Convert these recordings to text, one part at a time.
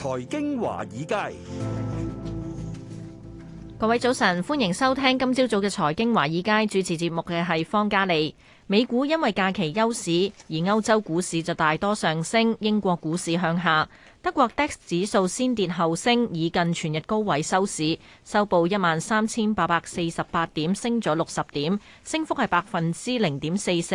財經華爾街，各位早晨，歡迎收聽今朝早嘅財經華爾街主持節目嘅係方嘉利，美股因為假期休市，而歐洲股市就大多上升，英國股市向下，德國 DAX 指數先跌後升，以近全日高位收市，收報一萬三千八百四十八點，升咗六十點，升幅係百分之零點四四。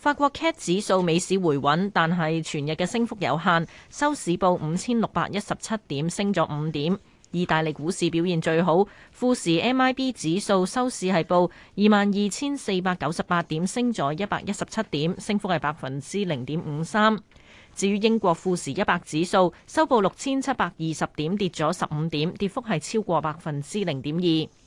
法國 CAC 指數美市回穩，但係全日嘅升幅有限，收市報五千六百一十七點，升咗五點。意大利股市表現最好，富時 MIB 指數收市係報二萬二千四百九十八點，升咗一百一十七點，升幅係百分之零點五三。至於英國富時一百指數收報六千七百二十點，跌咗十五點，跌幅係超過百分之零點二。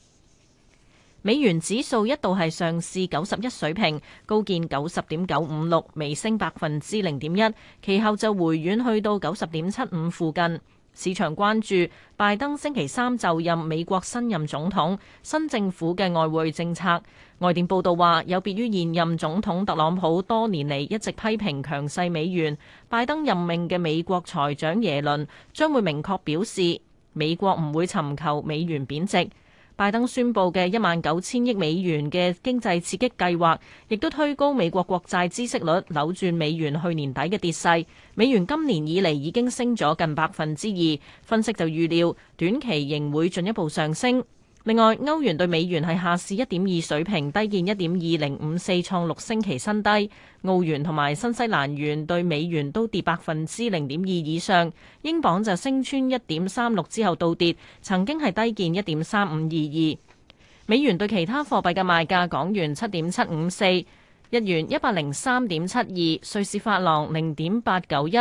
美元指數一度係上至九十一水平，高見九十點九五六，微升百分之零點一。其後就回軟去到九十點七五附近。市場關注拜登星期三就任美國新任總統，新政府嘅外匯政策。外電報道話，有別於現任總統特朗普多年嚟一直批評強勢美元，拜登任命嘅美國財長耶倫將會明確表示，美國唔會尋求美元貶值。拜登宣布嘅一萬九千億美元嘅經濟刺激計劃，亦都推高美國國債孳息率，扭轉美元去年底嘅跌勢，美元今年以嚟已經升咗近百分之二，分析就預料短期仍會進一步上升。另外，歐元對美元係下市一點二水平，低見一點二零五四，創六星期新低。澳元同埋新西蘭元對美元都跌百分之零點二以上。英鎊就升穿一點三六之後倒跌，曾經係低見一點三五二二。美元對其他貨幣嘅賣價：港元七點七五四，日元一百零三點七二，瑞士法郎零點八九一，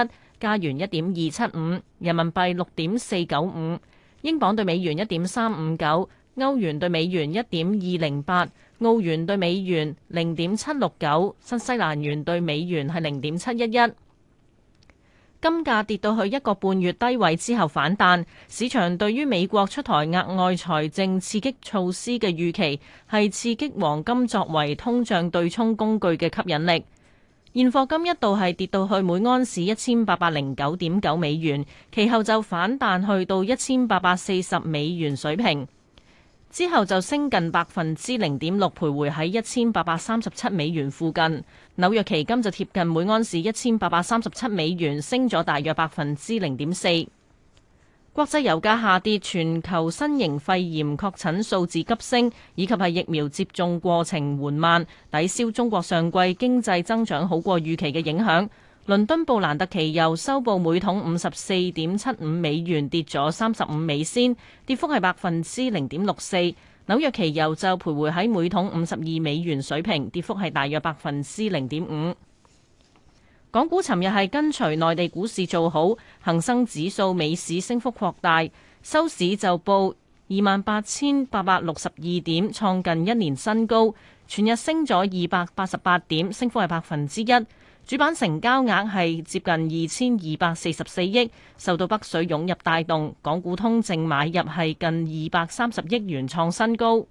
加元一點二七五，人民幣六點四九五，英鎊對美元一點三五九。歐元兌美元一點二零八，澳元兌美元零點七六九，新西蘭元兌美元係零點七一一。金價跌到去一個半月低位之後反彈，市場對於美國出台額外財政刺激措施嘅預期，係刺激黃金作為通脹對沖工具嘅吸引力。現貨金一度係跌到去每盎士一千八百零九點九美元，其後就反彈去到一千八百四十美元水平。之後就升近百分之零點六，徘徊喺一千八百三十七美元附近。紐約期金就貼近每盎司一千八百三十七美元，升咗大約百分之零點四。國際油價下跌，全球新型肺炎確診數字急升，以及係疫苗接種過程緩慢，抵消中國上季經濟增長好過預期嘅影響。倫敦布蘭特期油收報每桶五十四點七五美元，跌咗三十五美仙，跌幅係百分之零點六四。紐約期油就徘徊喺每桶五十二美元水平，跌幅係大約百分之零點五。港股尋日係跟隨內地股市做好，恒生指數尾市升幅擴大，收市就報二萬八千八百六十二點，創近一年新高，全日升咗二百八十八點，升幅係百分之一。主板成交額係接近二千二百四十四億，受到北水湧入帶動，港股通淨買入係近二百三十億元，創新高。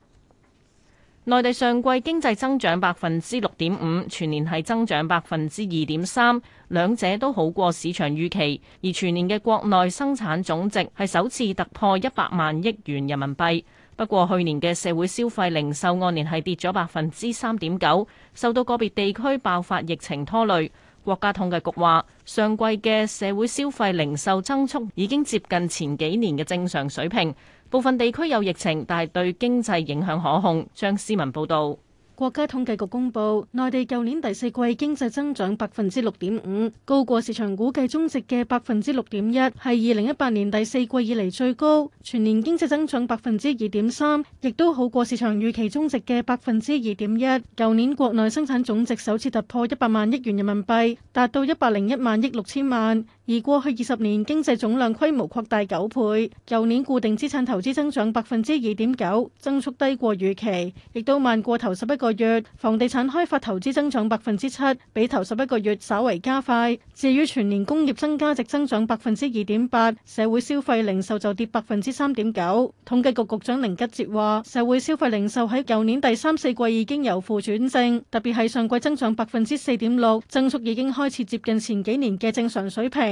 內地上季經濟增長百分之六點五，全年係增長百分之二點三，兩者都好過市場預期，而全年嘅國內生產總值係首次突破一百萬億元人民幣。不過去年嘅社會消費零售按年係跌咗百分之三點九，受到個別地區爆發疫情拖累。國家統計局話，上季嘅社會消費零售增速已經接近前幾年嘅正常水平，部分地區有疫情，但係對經濟影響可控。張思文報導。國家統計局公布，內地舊年第四季經濟增長百分之六點五，高過市場估計中值嘅百分之六點一，係二零一八年第四季以嚟最高。全年經濟增長百分之二點三，亦都好過市場預期中值嘅百分之二點一。舊年國內生產總值首次突破一百萬億元人民幣，達到一百零一萬億六千萬。而過去二十年經濟總量規模擴大九倍，舊年固定資產投資增長百分之二點九，增速低過預期，亦都慢過頭十一個月。房地產開發投資增長百分之七，比頭十一個月稍為加快。至於全年工業增加值增長百分之二點八，社會消費零售就跌百分之三點九。統計局局局長寧吉喆話：社會消費零售喺舊年第三四季已經由負轉正，特別係上季增長百分之四點六，增速已經開始接近前幾年嘅正常水平。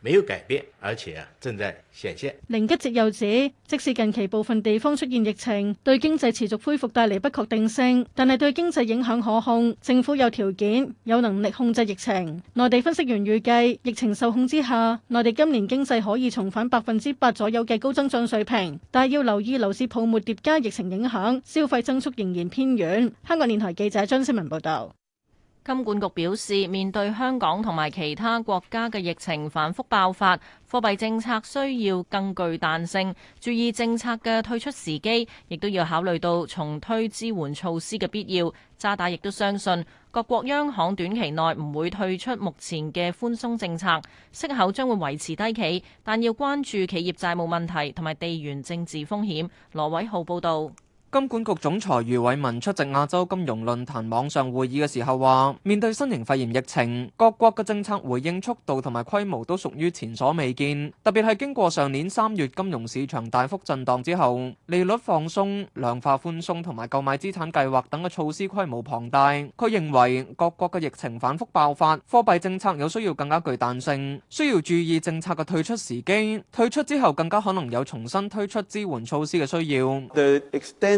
沒有改變，而且啊，正在顯現。寧吉喆又指，即使近期部分地方出現疫情，對經濟持續恢復帶嚟不確定性，但係對經濟影響可控。政府有條件、有能力控制疫情。內地分析員預計，疫情受控之下，內地今年經濟可以重返百分之八左右嘅高增長水平，但係要留意樓市泡沫疊加疫情影響，消費增速仍然偏軟。香港電台記者張思文報道。金管局表示，面對香港同埋其他國家嘅疫情反覆爆發，貨幣政策需要更具彈性，注意政策嘅退出時機亦都要考慮到重推支援措施嘅必要。渣打亦都相信，各國央行短期內唔會退出目前嘅寬鬆政策，息口將會維持低企，但要關注企業債務問題同埋地緣政治風險，羅偉浩報道。金管局總裁余偉文出席亞洲金融論壇網上會議嘅時候話，面對新型肺炎疫情，各國嘅政策回應速度同埋規模都屬於前所未見。特別係經過上年三月金融市場大幅震蕩之後，利率放鬆、量化寬鬆同埋購買資產計劃等嘅措施規模龐大。佢認為各國嘅疫情反覆爆發，貨幣政策有需要更加具彈性，需要注意政策嘅退出時機。退出之後更加可能有重新推出支援措施嘅需要。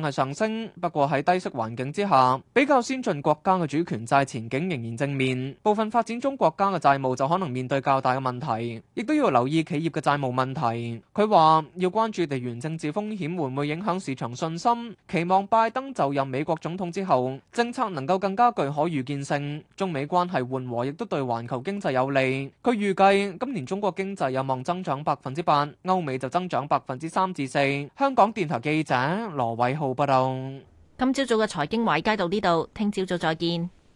係上升，不過喺低息環境之下，比較先進國家嘅主權債前景仍然正面，部分發展中國家嘅債務就可能面對較大嘅問題，亦都要留意企業嘅債務問題。佢話要關注地緣政治風險會唔會影響市場信心，期望拜登就任美國總統之後，政策能夠更加具可預見性。中美關係緩和亦都對環球經濟有利。佢預計今年中國經濟有望增長百分之八，歐美就增長百分之三至四。香港電台記者羅偉浩。今朝早嘅財經華爾街到呢度，聽朝早再見。